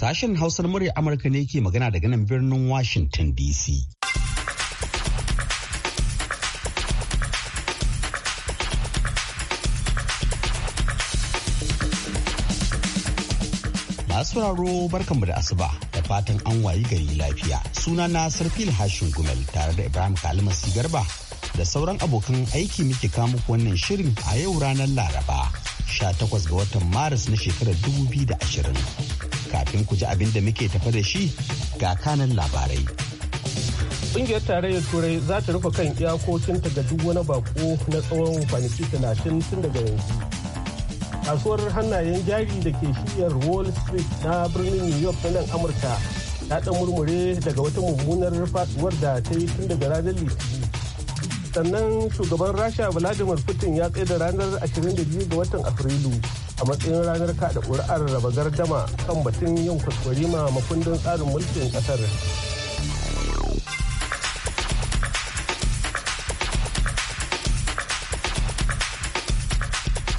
Sashen Hausar murya Amurka ne ke magana daga nan birnin Washington DC. Masu raro barkanmu da asuba da fatan an wayi gari lafiya. Suna na Sarfil Hashin Gumel tare da Ibrahim Kalimasi Garba da sauran abokan aiki muke kamu wannan shirin a yau ranar Laraba 18 ga watan Maris na shekarar 2020. Kafin ku ji abin da muke tafa da shi ga kanan labarai. Ƙungiyar tarayyar Turai za ta rufe kan iyakokinta ga duk wani bako na tsawon kwanaki talatin tun daga yanzu. Kasuwar hannayen jari da ke shiryar Wall Street na birnin New York nan Amurka ta ɗan murmure daga wata mummunar faɗuwar da ta yi tun daga ranar Litinin. Sannan shugaban Rasha Vladimir Putin ya tsaye da ranar 22 ga watan Afrilu a matsayin ranar kada ƙuri'ar raba gardama kan batun yin kuskure ma makundin tsarin mulkin ƙasar.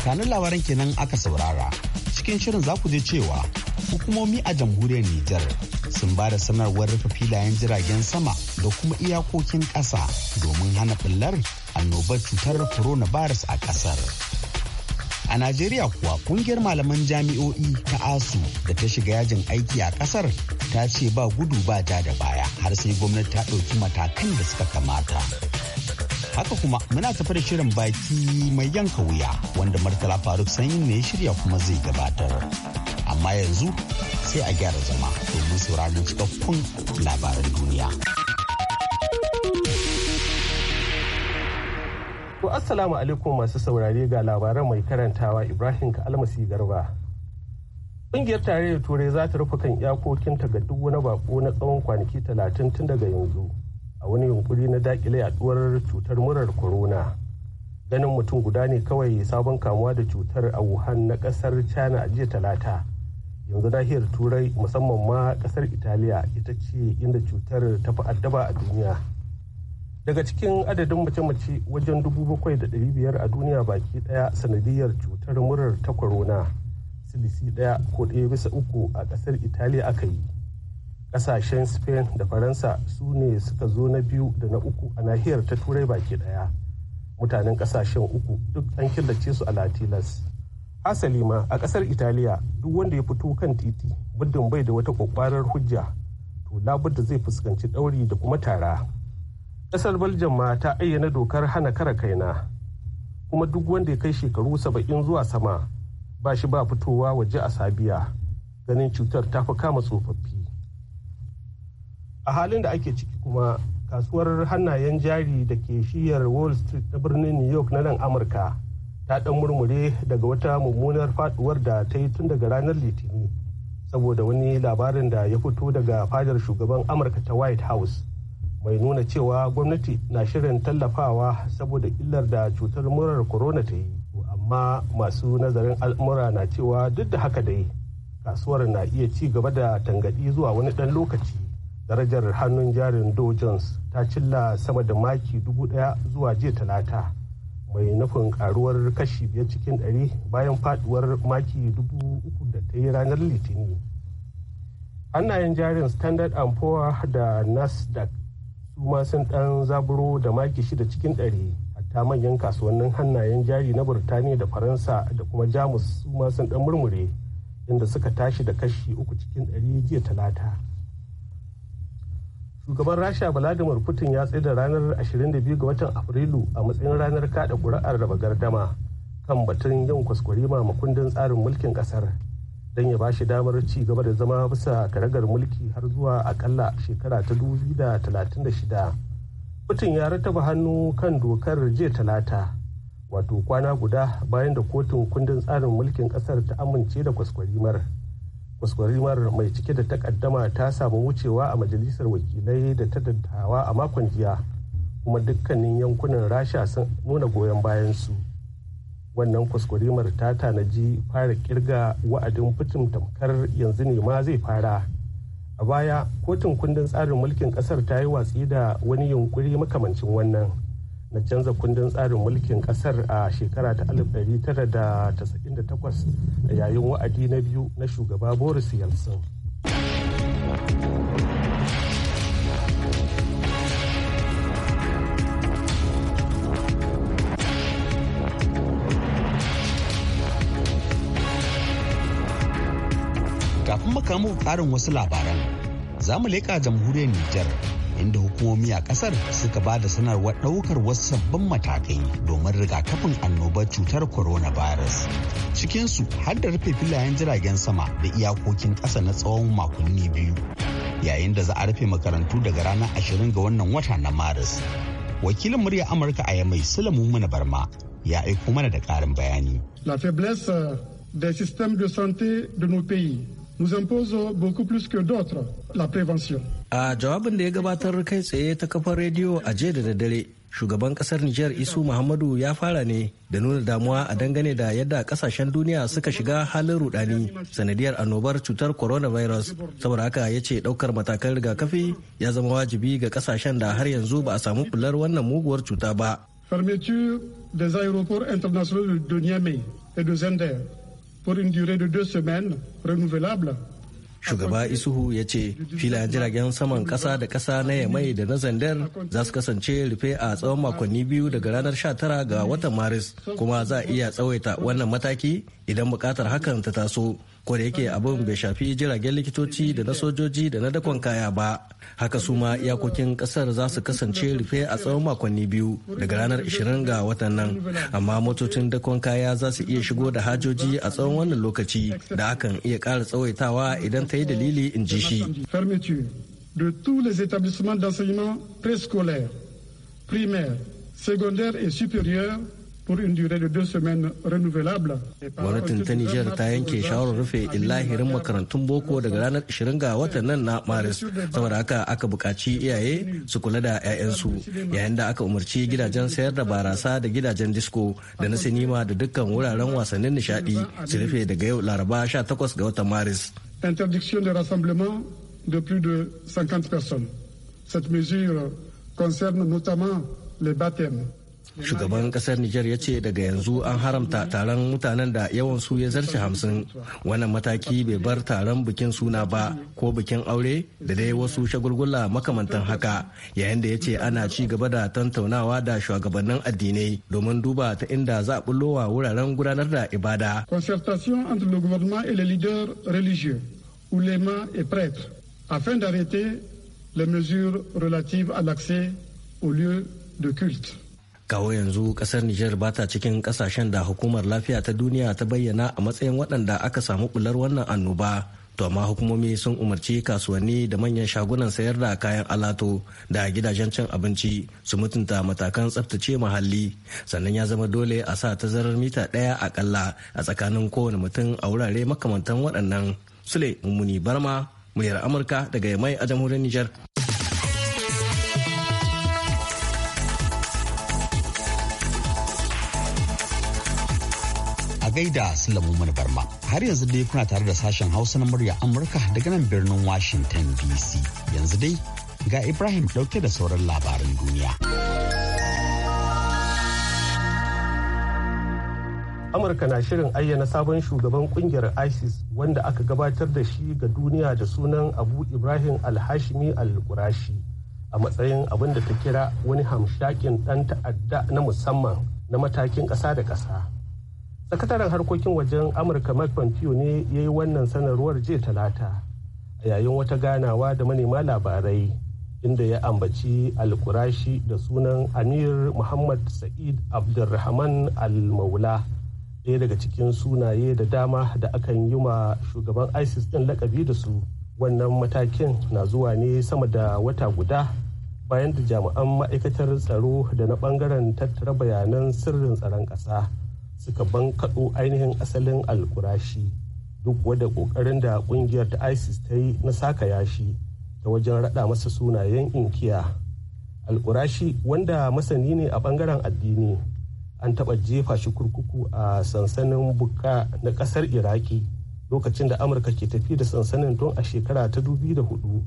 Kanun labaran kenan aka saurara cikin shirin za ku je cewa hukumomi a jamhuriyar Nijar sun ba da sanarwar rufe filayen jiragen sama da kuma iyakokin ƙasa domin hana ɓullar annobar cutar coronavirus a ƙasar. A Najeriya kuwa kungiyar malaman jami'o'i ta ASU da ta shiga yajin aiki a kasar ta ce ba gudu ba ja da baya har sai gwamnati ta ɗauki matakan da suka kamata. Haka kuma muna tafi da shirin baki mai yanka wuya wanda Murtala Faruk sanyi ne ya shirya kuma zai gabatar. Amma yanzu sai a gyara zama domin sauraron cikakkun labaran duniya. To Assalamu alaikum masu saurare ga labaran mai karantawa Ibrahim ka Almasi Garba. Ƙungiyar tarayyar Turai za ta rufe kan ta ga duk wani bako na tsawon kwanaki talatin tun daga yanzu a wani yunkuri na dakile yaduwar cutar murar corona. Ganin mutum guda ne kawai sabon kamuwa da cutar a Wuhan na ƙasar China a jiya talata. Yanzu nahiyar Turai musamman ma ƙasar Italiya ita ce inda cutar ta fi addaba a duniya. daga cikin adadin mace-mace wajen 7,500 a duniya baki daya sanadiyar cutar murar ta corona silisi daya ko ɗaya bisa uku a ƙasar italiya aka yi ƙasashen spain da faransa su ne suka zo na biyu da na uku a nahiyar ta turai baki daya mutanen ƙasashen uku duk an killace su a latilas asali ma a ƙasar italiya duk wanda ya fito kan titi muddin bai da wata kwakwarar hujja to da zai fuskanci ɗauri da kuma tara Ƙasar Belgium ma ta ayyana dokar hana kara kaina. Kuma duk wanda ya kai shekaru saba'in zuwa sama ba shi ba fitowa waje a sabiya ganin cutar ta fi kama tsofaffi. A halin da ake ciki kuma kasuwar hannayen jari da ke shiyar Wall Street ta birnin New York na nan Amurka ta ɗan murmure daga wata mummunar faduwar da ta yi tun daga ranar Litinin. saboda wani labarin da ya fito daga fadar shugaban amurka ta white house mai nuna cewa gwamnati na shirin tallafawa saboda illar da cutar murar corona ta yi amma masu nazarin al'amura na cewa duk da haka dai kasuwar na iya ci gaba da tangadi zuwa wani ɗan lokaci darajar hannun jarin dow jones ta cilla sama da maki dubu ɗaya zuwa jiya talata mai nufin karuwar kashi biyar cikin ɗari bayan faduwar maki dubu uku da ta yi ranar litinin hannayen jarin standard poor da nasdaq su sun dan zaburo da maki shida cikin ɗari hatta manyan kasuwannin hannayen jari na burtaniya da faransa da kuma jamus su sun dan murmure inda suka tashi da kashi uku cikin ɗari jiya talata shugaban rasha vladimir putin ya tsaye da ranar 22 ga watan afrilu a matsayin ranar kada kuri'ar raba gardama kan batun yin kwaskwari ma kundin tsarin mulkin kasar don ya bashi damar ci gaba da zama bisa karagar mulki har zuwa akalla shekara ta 2036 mutum ya rataba hannu kan dokar jiya talata wato kwana guda bayan da kotun kundin tsarin mulkin kasar ta amince da kwaskwarimar kwaskwarimar mai cike da takaddama ta samu wucewa a majalisar wakilai da ta dattawa a makon jiya kuma dukkanin yankunan rasha sun nuna goyon bayan su. wannan kwaskwarimar ta tanaji fara kirga wa'adin fitin tamkar yanzu ne ma zai fara a baya kotun kundin tsarin mulkin kasar ta yi watsi da wani yunkuri makamancin wannan na canza kundin tsarin mulkin kasar a shekara ta 1998 a yayin wa'adi na biyu na shugaba boris yeltsin muka muku karin wasu labaran za mu leƙa jamhuriyar Nijar inda hukumomi a ƙasar suka ba da sanarwar ɗaukar wasu sabbin matakai domin rigakafin annobar cutar coronavirus cikinsu har da rufe filayen jiragen sama da iyakokin ƙasa na tsawon makonni biyu yayin da za a rufe makarantu daga ranar ashirin ga wannan wata na maris wakilin murya amurka a yamai sulamu mana barma ya aiko mana da ƙarin bayani la faiblesse euh, des systèmes de santé de nos nous impose beaucoup plus que d'autres la prévention. A jawabin da ya gabatar kai tsaye ta kafar rediyo a jiya da daddare, shugaban kasar Nijar Isu Muhammadu ya fara ne da nuna damuwa a dangane da yadda kasashen duniya suka shiga halin rudani sanadiyar annobar cutar coronavirus. Saboda haka ya ce daukar matakan rigakafi ya zama wajibi ga kasashen da har yanzu ba a samu bular wannan muguwar cuta ba. Fermeture des aéroports internationaux de Niamey et de Zender pour une durée de shugaba isuhu ya ce filayen jiragen saman kasa da kasa na yamai da na zandar za su kasance rufe a tsawon makonni biyu daga ranar 19 ga watan maris kuma za a iya tsawaita wannan mataki idan bukatar hakan ta taso ko da yake abin bai shafi jiragen likitoci da na sojoji da na dakon kaya ba haka su ma iyakokin kasar za su kasance rufe a tsawon makonni biyu daga ranar 20 ga watan nan amma motocin dakon kaya za su iya shigo da hajoji a tsawon wannan lokaci da hakan iya ƙara tsawaitawa idan ta yi dalili in ji shi de tous les établissements d'enseignement préscolaire, primaire, secondaire et supérieur pour une durée de deux semaines renouvelable. Gwamnatin ta Nijar ta yanke shawarar rufe illahirin makarantun boko daga ranar 20 ga watan nan na Maris. Saboda haka aka buƙaci iyaye su kula da 'ya'yansu yayin da aka umarci gidajen sayar da barasa da gidajen disco da na sinima da dukkan wuraren wasannin nishadi su rufe daga yau Laraba 18 ga watan Maris. Interdiction de rassemblement de plus de 50 personnes. Cette mesure concerne notamment les baptêmes. shugaban kasar nijar ya ce daga yanzu an haramta taron mutanen da yawan su ya zarce hamsin wannan mataki bai bar taron bikin suna ba ko bikin aure da dai wasu shagulgula makamantan haka yayin da ya ce ana ci gaba da tantaunawa da shugabannin addinai domin duba ta inda za a bullowa wuraren gudanar da ibada concertation entre le gouvernement et les leaders religieux oulémas et prêtres afin d'arrêter les mesures relatives à l'accès aux lieux de culte kawo yanzu kasar Nijar ba ta cikin kasashen da hukumar lafiya ta duniya ta bayyana a matsayin waɗanda aka samu bular wannan annoba. To amma hukumomi sun umarci kasuwanni da manyan shagunan sayar da kayan alato da gidajen cin abinci su mutunta matakan tsaftace muhalli sannan ya zama dole a sa tazarar mita ɗaya akalla a tsakanin kowane mutum a wurare makamantan waɗannan. Sule Mummuni Barma, muryar Amurka daga Yamai a jamhuriyar Nijar. gaida Sulamu Mani Barma. Har yanzu dai kuna tare da sashen Hausa na murya Amurka daga nan birnin Washington DC. Yanzu dai ga Ibrahim ɗauke da sauran labaran duniya. Amurka na shirin ayyana sabon shugaban kungiyar ISIS wanda aka gabatar da shi ga duniya da sunan Abu Ibrahim Al-Hashimi Al-Qurashi a matsayin abin da ta kira wani hamshakin ɗan ta'adda na musamman na matakin ƙasa da ƙasa. sakataren harkokin wajen amurka mike pompeo ne ya yi wannan sanarwar jiya talata a yayin wata ganawa da manema labarai inda ya ambaci alkurashi da sunan amir muhammad sa'id abdulrahman al-maula ɗaya daga cikin sunaye da dama da akan yi ma shugaban isis ɗin lakabi da su wannan matakin na zuwa ne sama da wata guda bayan da jami'an ma'aikatar tsaro da na ɓangaren tattara bayanan sirrin tsaron ƙasa suka bankaɗo ainihin asalin alkurashi duk wadda ƙoƙarin da ƙungiyar ta isis ta yi na saka yashi ta wajen raɗa masa sunayen inkiya alkurashi wanda masani ne a ɓangaren addini an taɓa jefa shi kurkuku a sansanin buka na ƙasar iraki lokacin da amurka ke tafi da sansanin tun a shekara ta hudu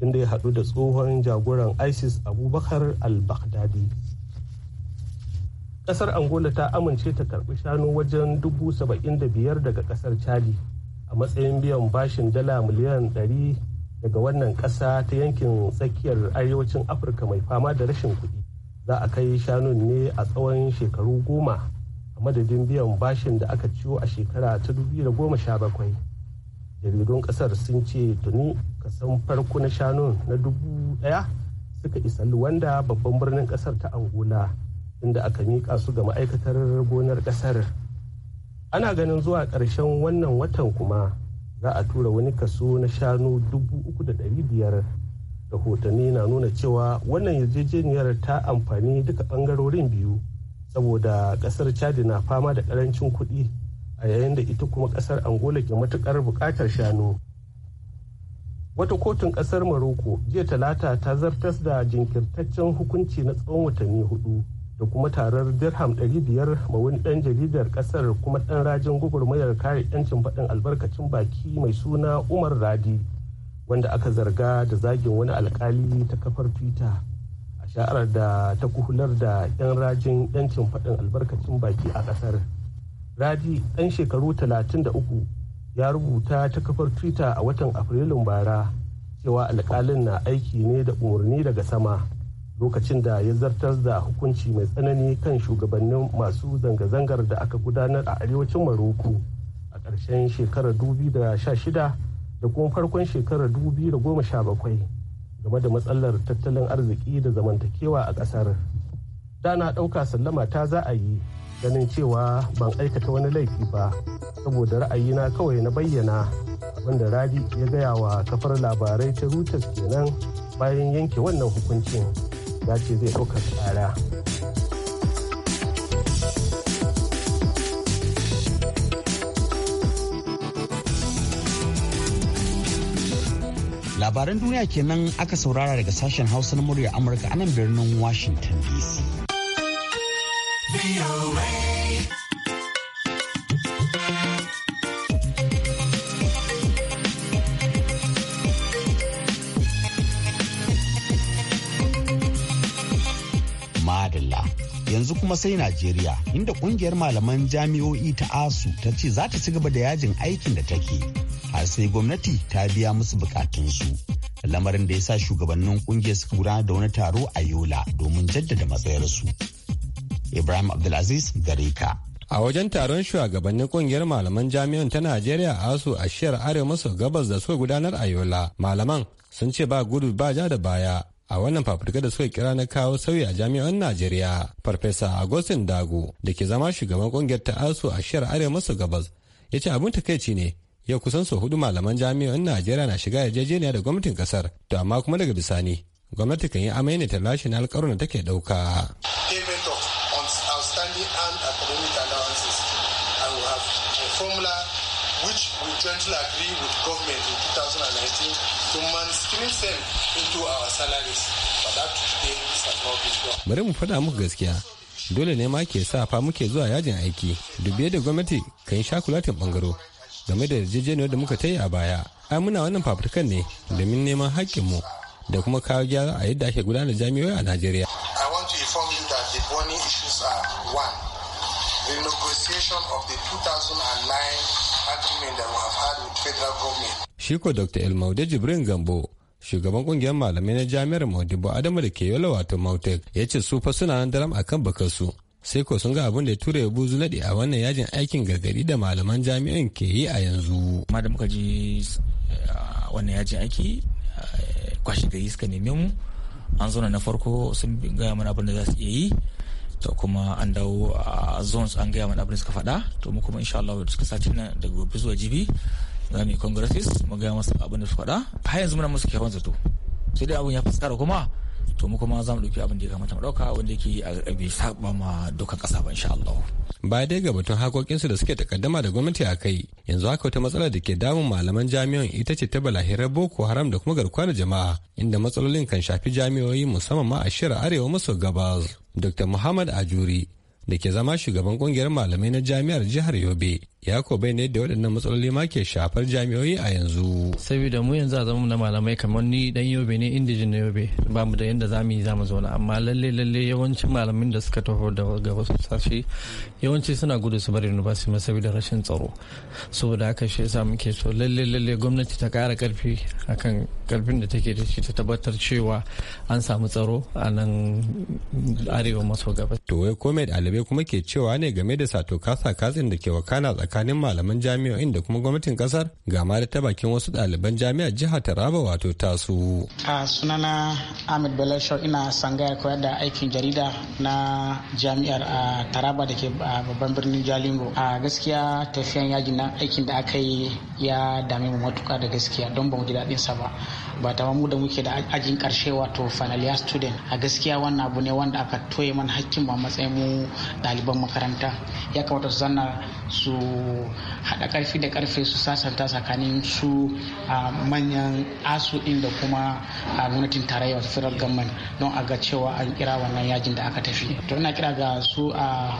inda ya haɗu da tsohon jagoran isis abubakar al-baghdadi kasar angola ta amince ta karbi shanu wajen dubu saba'in da biyar daga kasar chadi a matsayin biyan bashin dala miliyan ɗari daga wannan ƙasa ta yankin tsakiyar arewacin afirka mai fama da rashin kuɗi za a kai shanun ne a tsawon shekaru goma a madadin biyan bashin da aka ciwo a shekara ta sha bakwai jaridun kasar sun ce tuni kasan farko na shanun na dubu ɗaya suka isa luwanda babban birnin kasar ta angola inda aka miƙa su ga ma'aikatar gonar ƙasar ana ganin zuwa ƙarshen wannan watan kuma za a tura wani kaso na shanu biyar rahotanni na nuna cewa wannan yarjejeniyar ta amfani duka ɓangarorin biyu saboda ƙasar chadi na fama da ƙarancin kuɗi a yayin da ita kuma ƙasar angola ke matuƙar buƙatar shanu wata kotun ƙasar maroko jiya talata ta zartas da jinkirtaccen hukunci na tsawon watanni hudu da kuma tarar dirham 500 ma wani ɗan jaridar ƙasar kuma ɗan rajin gwagwarmayar kare 'yancin faɗin albarkacin baki mai suna umar radi wanda aka zarga da zagin wani alkali ta kafar twitter a sha'arar da ta kuhular da 'yan rajin 'yancin faɗin albarkacin baki a ƙasar radi ɗan shekaru 33 ya rubuta ta kafar twitter a watan afrilun bara cewa alkalin na aiki ne da umarni daga sama lokacin da ya zartar da hukunci mai tsanani kan shugabannin masu zanga-zangar da aka gudanar a arewacin maroko a ƙarshen shekarar 2016 da kuma farkon shekarar 2017 game da matsalar tattalin arziki da zamantakewa a ƙasar da na ɗauka sallama ta za a yi ganin cewa ban aikata wani laifi ba saboda ra'ayina kawai na bayyana abinda radi ya gaya wa kafar labarai ta rutas kenan bayan yanke wannan hukuncin. ya ce zai ɗaukar tsara labaran duniya kenan aka saurara daga sashen hausa na murya amurka anan birnin washington dc kuma sai Najeriya inda kungiyar malaman jami'o'i ta ASU ta ce za ta ci gaba da yajin aikin da take har sai gwamnati ta biya musu bukatunsu. Lamarin da ya sa shugabannin kungiyar suka gudanar da wani taro a Yola domin jaddada matsayarsu. Ibrahim Abdulaziz Gareka. A wajen taron shugabannin kungiyar malaman jami'an ta Najeriya ASU a shiyar Arewa maso gabas da suka gudanar a Yola, malaman sun ce ba gudu ba ja da baya a wannan fafutuka da suka kira na kawo sauyi a jami'an najeriya farfesa agustin dago da ke zama shugaban kungiyar ta asu a shiyar arewa maso gabas ya ce abin takaici ne ya kusan sau hudu malaman jami'an najeriya na shiga yarjejeniya da gwamnatin kasar to amma kuma daga bisani gwamnati kan yi amai ne ta lashe na alƙawarin da take ɗauka. jointly agree with government in 2019 to mainstream them into our salaries. But that today, this has not been done. Bari mu faɗa muku gaskiya. Dole ne ma ke sa fa muke zuwa yajin aiki. Dubiye da gwamnati kan shakulatin bangaro game da yarjejeniyar da muka ta yi a baya. Ai muna wannan fafutukan ne domin neman haƙƙinmu da kuma kawo gyara a yadda ake gudanar jami'o'i a Najeriya. I want to inform you that the burning issues are one, the negotiation of the 2009 Shiko Dr. Elmaude Jibrin Gambo shugaban kungiyar malamai na jami'ar maudibu Adamu da ke yola wato Mautek ya ce su fa suna nan daram akan bakarsu sai ko sun ga abin da ya tura ya buzu nadi a wannan yajin aikin gargadi da malaman jami'an ke yi a yanzu. Ma da muka ji eh, wannan yajin aiki eh, kwashi gari suka neme mu an zo na farko sun gaya mana abin da za su iya yi to kuma an dawo a zones an gaya mana abin da suka faɗa to mu kuma insha Allah suka sace nan daga gobe zuwa jibi za mu yi congresses mu gaya masa abin da suka faɗa har yanzu muna musu kyawun zato sai dai abin ya fuskara kuma to mu kuma za mu ɗauki abin da ya kamata mu ɗauka wanda yake a bai saba ma doka ƙasa ba insha Allah. Ba dai ga batun hakokinsu da suke takaddama da gwamnati a kai yanzu haka wata matsalar da ke damun malaman jami'an ita ce ta balahirar Boko Haram da kuma garkuwa jama'a inda matsalolin kan shafi jami'oyi musamman ma a shirar arewa maso gabas. dr muhammad ajuri da ke zama shugaban kungiyar malamai na jami'ar jihar yobe ya ko bai ne da waɗannan matsaloli ma ke shafar jami'oi a yanzu. saboda mu yanzu a zama na malamai kamar ni dan yobe ne indijin na yobe ba mu da yadda za mu yi za mu zauna amma lalle lalle yawancin malamin da suka taho ga wasu sashi yawanci suna gudu su bari university ma saboda rashin tsaro saboda haka shi yasa muke so lalle lalle gwamnati ta kara karfi akan karfin da take da shi ta tabbatar cewa an samu tsaro a nan arewa maso gabas. to wai komai ɗalibai kuma ke cewa ne game da sato kasa katsin da ke wakana tsakanin malaman jami'o'in da kuma gwamnatin kasar ga da ta bakin wasu ɗaliban jami'ar jihar Taraba wato tasu. A sunana Ahmed Belashor ina sangayar koyar da aikin jarida na jami'ar a Taraba da ke babban birnin Jalingo. A gaskiya tafiyan yajin na aikin da aka yi ya dame mu matuka da gaskiya don ba mu ji daɗinsa ba. ba ta mu da muke da ajin karshe wato final year student a gaskiya wannan abu ne wanda aka toye man hakkin ba matsayin mu ɗaliban makaranta ya kamata su zanna su haɗa karfi da karfe su sasanta tsakanin su a manyan asu ɗin da kuma a gwamnatin tarayya wato federal government don a ga cewa an kira wannan yajin da aka tafi to ina kira ga su a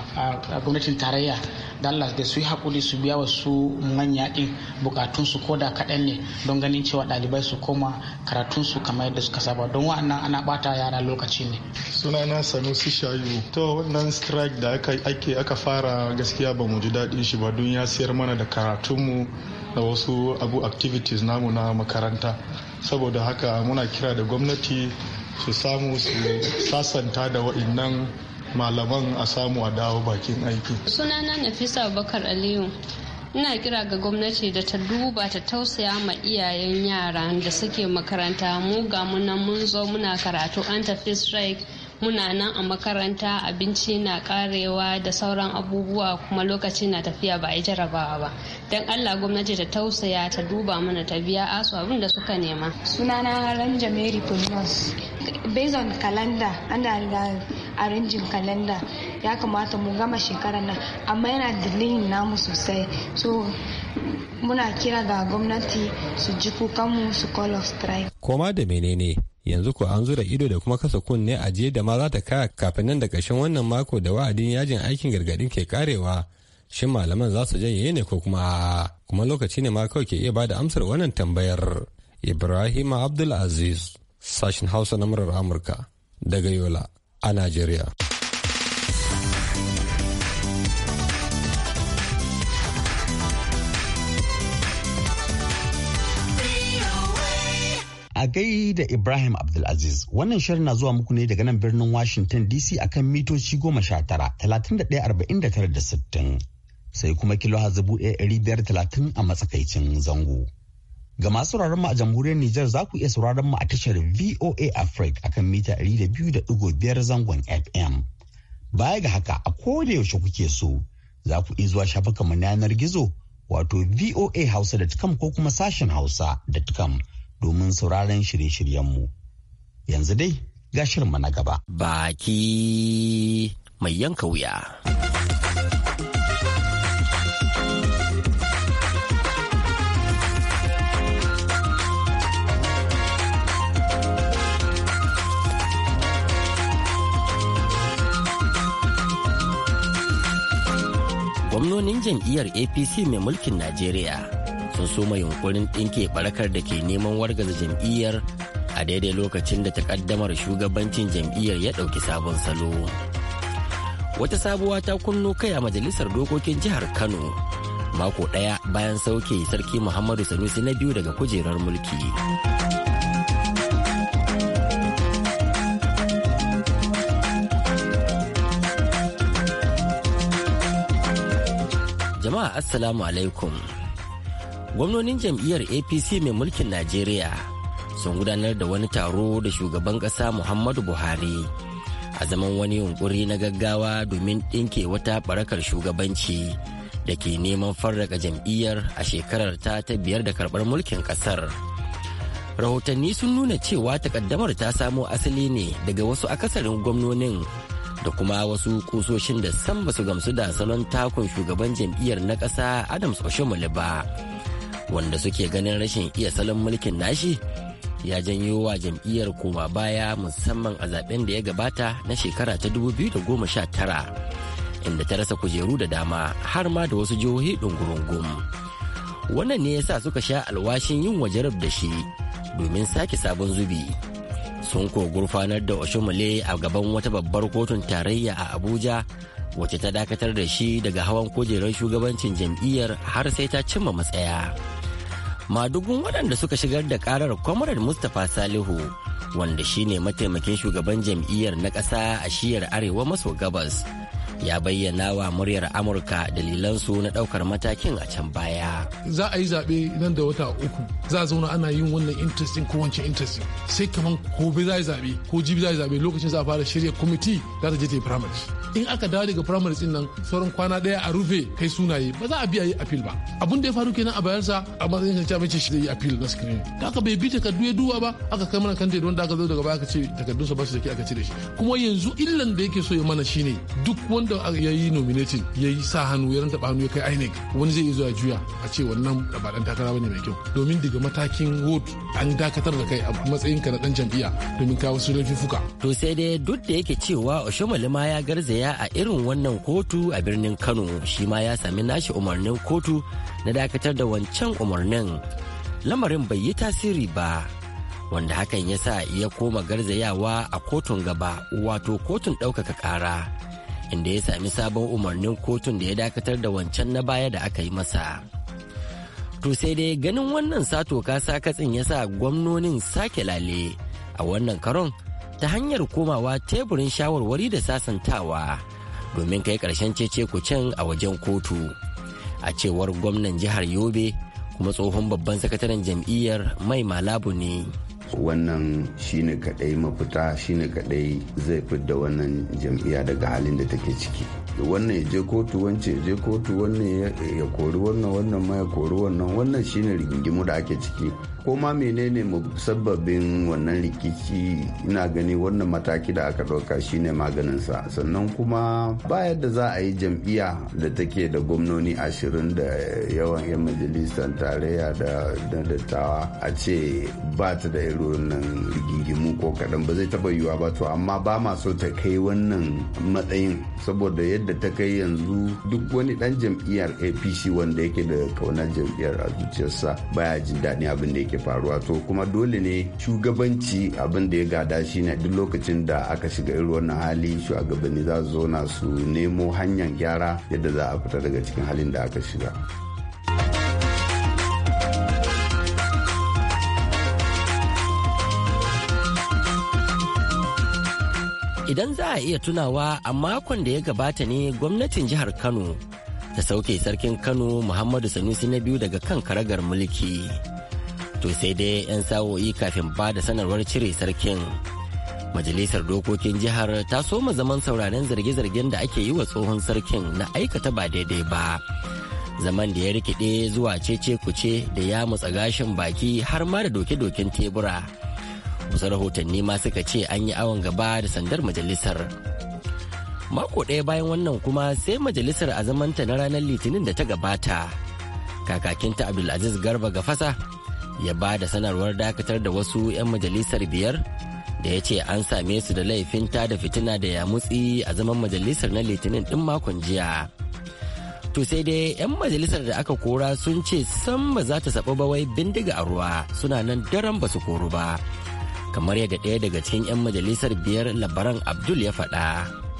gwamnatin tarayya dallas da su yi hakuri su biya wa su manya ɗin bukatunsu ko da kaɗan ne don ganin cewa ɗalibai su koma karatunsu kamar yadda suka saba don wa'annan ana bata yara lokaci ne Suna sunana sanusi shayu to wannan strike da ake aka fara gaskiya ba mu ji daɗin shi ba don ya siyar mana da karatunmu da wasu abu activities namu na makaranta saboda haka muna kira da gwamnati su samu su sasanta da waannan malaman a samu a dawo bakin aiki sunana nafisa bakar aliyu ina kira ga gwamnati da ta duba ta tausaya ma iyayen yara da suke makaranta mu ga munan mun zo muna karatu an tafi strike muna nan a makaranta abinci na karewa da sauran abubuwa kuma lokaci na tafiya ba a jarabawa ba don allah gwamnati ta tausaya ta duba mana ta biya asu abin da suka nema sunana ranja mary pulos based on calendar an a rinjin kalanda ya kamata mu gama shekarar nan amma yana dalilin namu sosai so muna kira ga gwamnati su ji kukanmu su call of strike koma da menene yanzu ko an zura ido da kuma kasa kunne a jiya da ma za ta kaya kafin nan da ƙarshen wannan mako da wa'adin yajin aikin gargadin ke karewa shin malaman za su janye ne ko kuma kuma lokaci ne ma kawai ke iya bada amsar wannan tambayar ibrahim abdulaziz sashen hausa na murar amurka daga yola a Najeriya. A gai da Ibrahim Abdulaziz wannan shirin na zuwa muku ne daga nan birnin Washington DC akan mitoci goma sha tara, talatin da ɗaya arba'in da tara da sittin. Sai kuma kilo hazabu ɗaya ɗari biyar talatin a matsakaicin zango. Ga masu sauraron mu a jamhuriyar Nijar za ku iya sauraron mu a tashar VOA Africa akan mita 200.5 zangon FM. Baya ga haka a koda yaushe kuke so za ku iya zuwa shafukan mu yanar gizo wato VOA Hausa.com ko kuma sashen Hausa.com domin sauraron shirye-shiryen mu. Yanzu dai ga mu na gaba. Baki mai yanka wuya. gwamnonin jam'iyyar apc mai mulkin najeriya sun soma yunkurin ɗinke barakar da ke neman wargaza jam'iyyar a daidai lokacin da takaddamar shugabancin jam'iyyar ya ɗauki sabon salo wata sabuwa ta kunno kai a majalisar dokokin jihar kano mako ɗaya bayan sauke sarki muhammadu sanusi na biyu daga kujerar mulki. Jama'a Assalamu alaikum. Gwamnonin jam'iyyar APC mai mulkin Najeriya sun gudanar da wani taro da shugaban ƙasa Muhammadu Buhari a zaman wani yunkuri na gaggawa domin ɗinke wata barakar shugabanci da ke neman farraka jam'iyyar a shekarar ta ta biyar da karɓar mulkin ƙasar. Rahotanni sun nuna cewa takaddamar ta samo asali ne daga wasu akasarin gwamnonin da kuma wasu kusoshin da san basu gamsu da salon takun shugaban jam'iyyar na ƙasa adams oshomole ba wanda suke ganin rashin iya salon mulkin nashi ya janyo wa jam'iyyar koma baya musamman a zaben da ya gabata na shekara ta 2019 inda ta rasa kujeru da dama har ma da wasu jihohi ɗungurungun. wannan ne ya sa suka sha alwashin yin wajarab da shi domin sake sabon zubi sun ko gurfanar da oshomole a gaban wata babbar kotun tarayya a abuja wacce ta dakatar da shi daga hawan kujerar shugabancin jam'iyyar har sai ta cimma matsaya madugun waɗanda suka shigar da karar comrade mustapha salihu wanda shine mataimakin shugaban jam'iyyar na ƙasa a shiyar arewa maso gabas ya bayyana wa muryar amurka dalilan su na daukar matakin a can baya za a yi zaɓe nan da wata uku za a zauna ana yin wannan interesting ko wancan interesting sai kaman gobe za a yi zaɓe ko jibi za a yi zaɓe lokacin za a fara shirya kwamiti za ta je ta yi primaries in aka dawo daga primaries din nan sauran kwana daya a rufe kai sunaye ba za a biya yi appeal ba abun da ya faru kenan a sa a matsayin sa ce shi zai yi appeal na screen da aka bai bi takardu ya duwa ba aka kai mana kan wanda aka zo daga baya aka ce takardunsa ba su da aka ce da shi kuma yanzu illan da yake so ya mana shine duk wanda wanda ya yi nominating ya yi sa hannu ya rantaba hannu ya kai INEC wani zai zuwa juya a ce wannan ba dan takara bane mai kyau domin daga matakin ward an dakatar da kai a matsayin ka na dan jam'iyya domin kawo su fuka. To sai dai duk da yake cewa Oshomole ma ya garzaya a irin wannan kotu a birnin Kano shi ma ya sami nashi umarnin kotu na dakatar da wancan umarnin. Lamarin bai yi tasiri ba. wanda hakan ya sa ya koma garzayawa a kotun gaba wato kotun ɗaukaka ƙara inda ya sami sabon umarnin kotun da ya dakatar da wancan na baya da aka yi masa to sai dai ganin wannan sato kasa katsin ya sa gwamnonin sake lale a wannan karon ta hanyar komawa teburin shawarwari da sasantawa domin kai karshen cece can a wajen kotu a cewar gwamnan jihar yobe kuma tsohon babban sakataren jam'iyyar mai malabu ne wannan shine kadai mafita shine kadai zai fidda wannan jam'iyya daga halin da take ciki wannan ya je kotu wance ya je kotu wannan ya kori wannan wannan ma ya kori wannan wannan shine rigingimu da ake ciki ko ma menene musabbabin wannan rikici ina gani wannan mataki da aka ɗauka shine maganinsa sannan kuma ba yadda za a yi jam'iyya da take da gwamnoni ashirin da yawan 'yan majalisar tarayya da dattawa a ce ba ta da irin nan rigingimu ko kaɗan ba zai taɓa yiwuwa ba to amma ba ma so ta kai wannan matsayin saboda yadda ta kai yanzu duk wani ɗan jam'iyyar apc wanda yake da kaunar jam'iyyar a zuciyarsa baya jin daɗin abin da yake ke faruwa to kuma dole ne shugabanci abin da ya gada shi ne duk lokacin da aka shiga irin wannan hali shugabanni za su zauna su nemo hanyar gyara yadda za a fita daga cikin halin da aka shiga idan za a iya tunawa a makon da ya gabata ne gwamnatin jihar kano ta sauke sarkin kano muhammadu sanusi na biyu daga kan karagar mulki to sai dai 'yan sa'o'i kafin ba da sanarwar cire sarkin majalisar dokokin jihar ta soma zaman sauraren zarge-zargen da ake yi wa tsohon sarkin na aikata ba daidai ba zaman da ya rikide zuwa cece kuce da ya mutsa gashin baki har ma da doke-doken tebura wasu rahotanni ma suka ce an yi awon gaba da sandar majalisar mako ɗaya bayan wannan kuma sai majalisar a zamanta na ranar litinin da ta gabata kakakinta abdulaziz garba ga fasa ya ba da sanarwar dakatar da wasu 'yan majalisar biyar da ya ce an same su da laifin ta da fitina da ya mutsi a zaman majalisar na litinin ɗin makon jiya. To sai dai 'yan majalisar da aka kora sun ce san ba za ta saba ba wai bindiga a ruwa suna nan daren ba su koru ba. Kamar yadda ɗaya daga cikin 'yan majalisar biyar labaran Abdul ya faɗa.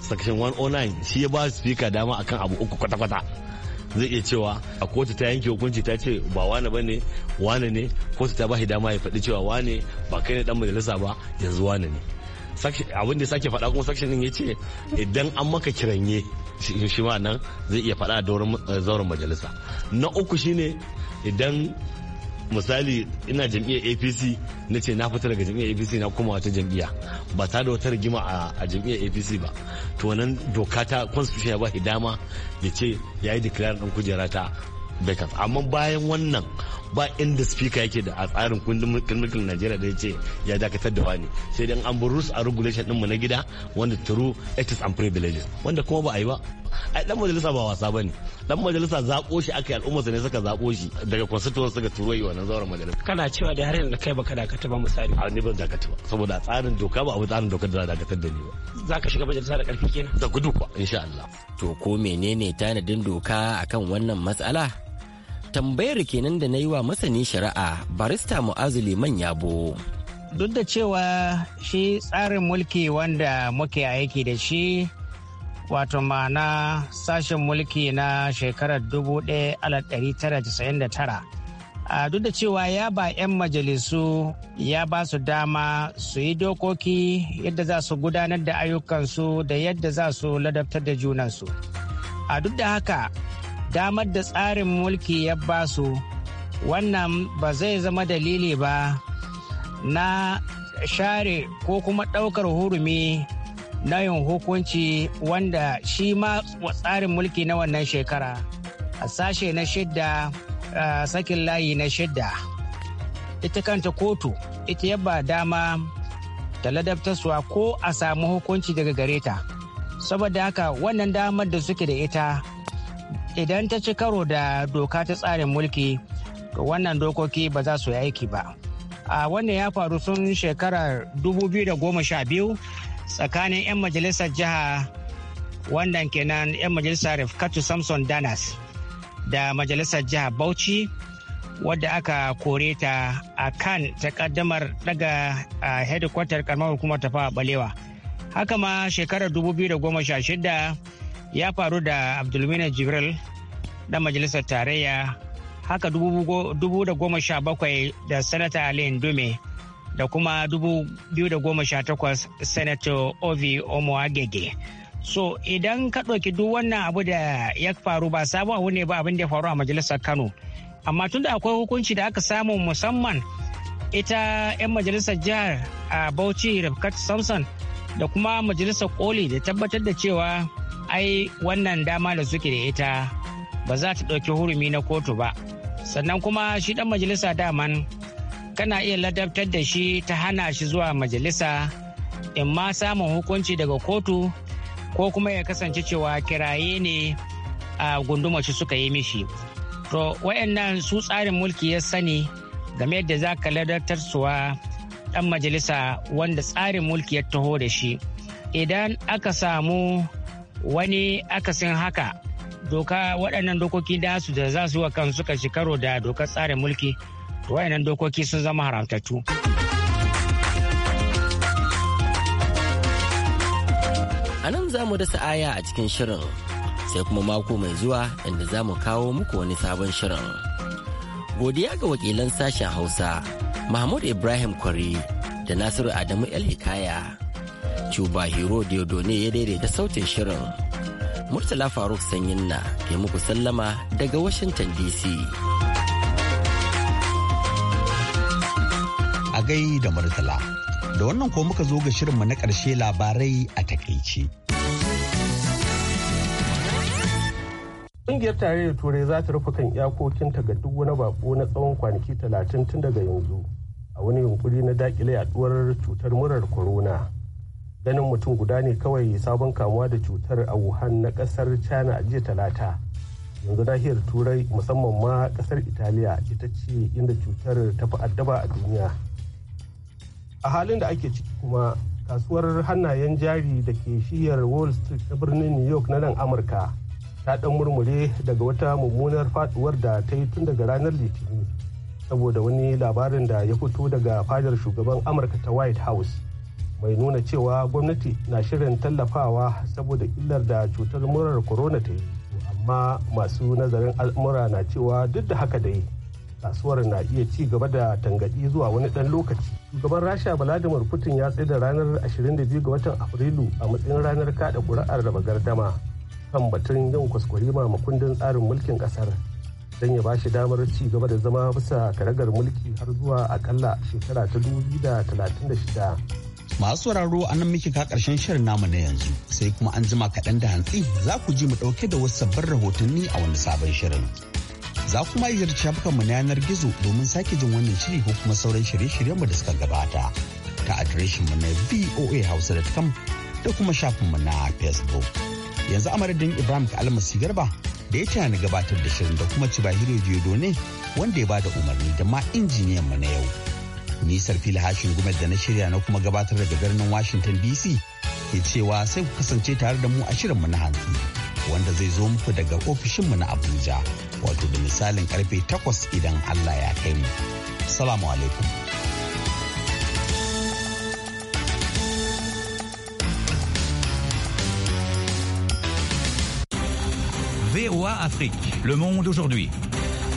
Section 109 shi ya ba fika dama akan abu uku kwata-kwata. zai iya cewa a kotu ta yanke hukunci ta ce ba wane ba ne wane ne kotu ta ba shi dama ya faɗi cewa wane ba kai ne dan majalisa ba yanzu wane ne abin da sake faɗa kuma sakshin din ya ce idan an maka kiranye shi ma nan zai iya faɗa a eh, zauren majalisa na uku shine idan misali ina jam'iyyar apc na ce na fita daga jam'iyyar apc na kuma wata jam'iyya ba ta da wata rigima a jam'iyyar apc ba to wannan doka ta constitution ya ba shi dama ya ce ya yi declare ɗin kujera ta bekan amma bayan wannan ba inda speaker yake da a tsarin kundin mulkin Najeriya da ya ce ya dakatar da wani sai dan an bar rules a regulation din mu na gida wanda it ethics and privileges wanda kuma ba a yi ba ai dan majalisa ba wasa bane dan majalisa zabo shi aka yi al'umma ne suka zabo shi daga constituents suka turo yi wannan zauren majalisa kana cewa da har yanzu kai baka dakata ba misali a ni ban dakata ba saboda a tsarin doka ba a tsarin dokar da za dakatar da ni ba zaka shiga majalisa da karfi kenan da gudu ba insha Allah to ko menene tanadin doka akan wannan matsala Tambayar kenan da na yi wa masani shari'a barista Mu'azu Liman bo. Duk da cewa shi tsarin mulki wanda muke aiki da shi wato ma'ana sashen mulki na shekarar 1999 a duk da cewa ya ba 'yan majalisu ya ba su dama su yi dokoki yadda za su gudanar da ayyukansu da yadda za su ladabtar da junansu a duk da haka damar da tsarin mulki ya basu wannan ba zai zama dalili ba na share ko kuma ɗaukar hurumi na yin hukunci wanda shi ma tsarin mulki na wannan shekara a sashe na shidda a sakin layi na shidda ita kanta kotu ita ba dama ta ladabtaswa ko a samu hukunci daga gareta saboda haka wannan damar da suke da ita idan ta ci karo da doka ta tsarin mulki To wannan dokoki ba za su yi aiki ba a wannan ya faru sun shekarar 2012 tsakanin 'yan majalisar jiha wannan kenan 'yan majalisar rifkatu samson danas da majalisar jiha bauchi wadda aka kore ta a kan takaddamar daga a hedikwatar karamar hukumar tafawa balewa haka ma shekarar 2016 ya faru da abdulmina jibril dan majalisar tarayya haka dubu da goma sha bakwai da sanata ali ndume da kuma dubu biyu da goma sha takwas senator ovi omoagege so idan ka ɗauki duk wannan abu da ya faru ba sabon abu ne ba abin da ya faru a majalisar kano amma tunda akwai hukunci da aka samu musamman ita 'yan majalisar jihar a bauchi rafkat samson da kuma majalisar koli da tabbatar da cewa ai wannan dama da suke da ita ba za ta ɗauki hurumi na kotu ba sannan kuma shi ɗan majalisa daman kana iya ladabtar da shi ta hana shi zuwa majalisa in ma samun hukunci daga kotu ko kuma ya kasance cewa kiraye ne a gunduma shi suka yi mishi to wayannan su tsarin mulki ya sani game da za ka ladabtar suwa ɗan majalisa wanda tsarin mulki ya taho da shi idan aka samu wani akasin haka doka waɗannan dokoki da su da za su wa suka shekaru da dokar tsarin mulki to waɗannan dokoki sun zama haramtattu. A nan za mu dasa aya a cikin shirin sai kuma mako mai zuwa inda za mu kawo muku wani sabon shirin. Godiya ga wakilan sashen Hausa, Mahmud Ibrahim Kwari da Nasiru Adamu El Hikaya. Cuba Hero Diodone ya daidaita sautin shirin. Murtala Faruk Sanyin na ke muku sallama daga Washington DC. A gai da Murtala, da wannan ko muka zo ga shirinmu na ƙarshe labarai a takaici Ƙungiyar da Turai za ta rufe kan iyakokinta ga duk wani bako na tsawon kwanaki talatin tun daga yanzu a wani yunkuri na dakile yaduwar cutar murar corona. ganin mutum guda ne kawai sabon kamuwa da cutar a wuhan na kasar china a jiya talata yanzu nahiyar turai musamman ma kasar italiya ita ce inda cutar ta fi addaba a duniya a halin da ake ciki kuma kasuwar hannayen jari da ke shiyar wall street ta birnin new york na nan amurka ta dan murmure daga wata mummunar faduwar da ta yi tun daga ranar litinin saboda wani labarin da ya fito daga fadar shugaban amurka ta white house mai nuna cewa gwamnati na shirin tallafawa saboda illar da cutar murar corona ta yi amma masu nazarin al'amura na cewa duk da haka da yi kasuwar na iya ci gaba da tangadi zuwa wani dan lokaci shugaban rasha vladimir putin ya da ranar 22 ga watan afrilu a matsayin ranar kada kuri'ar raba gardama kan batun yin kuskure ma makundin tsarin mulkin kasar don ya bashi damar ci gaba da zama bisa karagar mulki har zuwa akalla shekara ta 2036 Masu sauraro a nan muke ka karshen shirin namu na yanzu sai kuma an jima kaɗan da hantsi za ku ji mu ɗauke da wasu sabbin rahotanni a wani sabon shirin. Za kuma yi shafukan mu na yanar gizo domin sake jin wannan shiri ko kuma sauran shirye mu da suka gabata ta adireshin mu na voahausa.com da kuma shafin mu na Facebook. Yanzu amadadin Ibrahim Almasi Garba da ya ce na gabatar da shirin da kuma ci Cibahiro ne wanda ya ba da umarni da ma injiniyan mu na yau. Nisar fili hashin gumel da na shirya na kuma gabatar daga birnin Washington DC ke cewa sai ku kasance tare da mu a shirinmu na hantsi wanda zai zo muku daga ofishinmu na Abuja wato da misalin karfe 8 idan Allah ya kai mu. Salamu alaikum. VOA Afrique. Le monde aujourd'hui.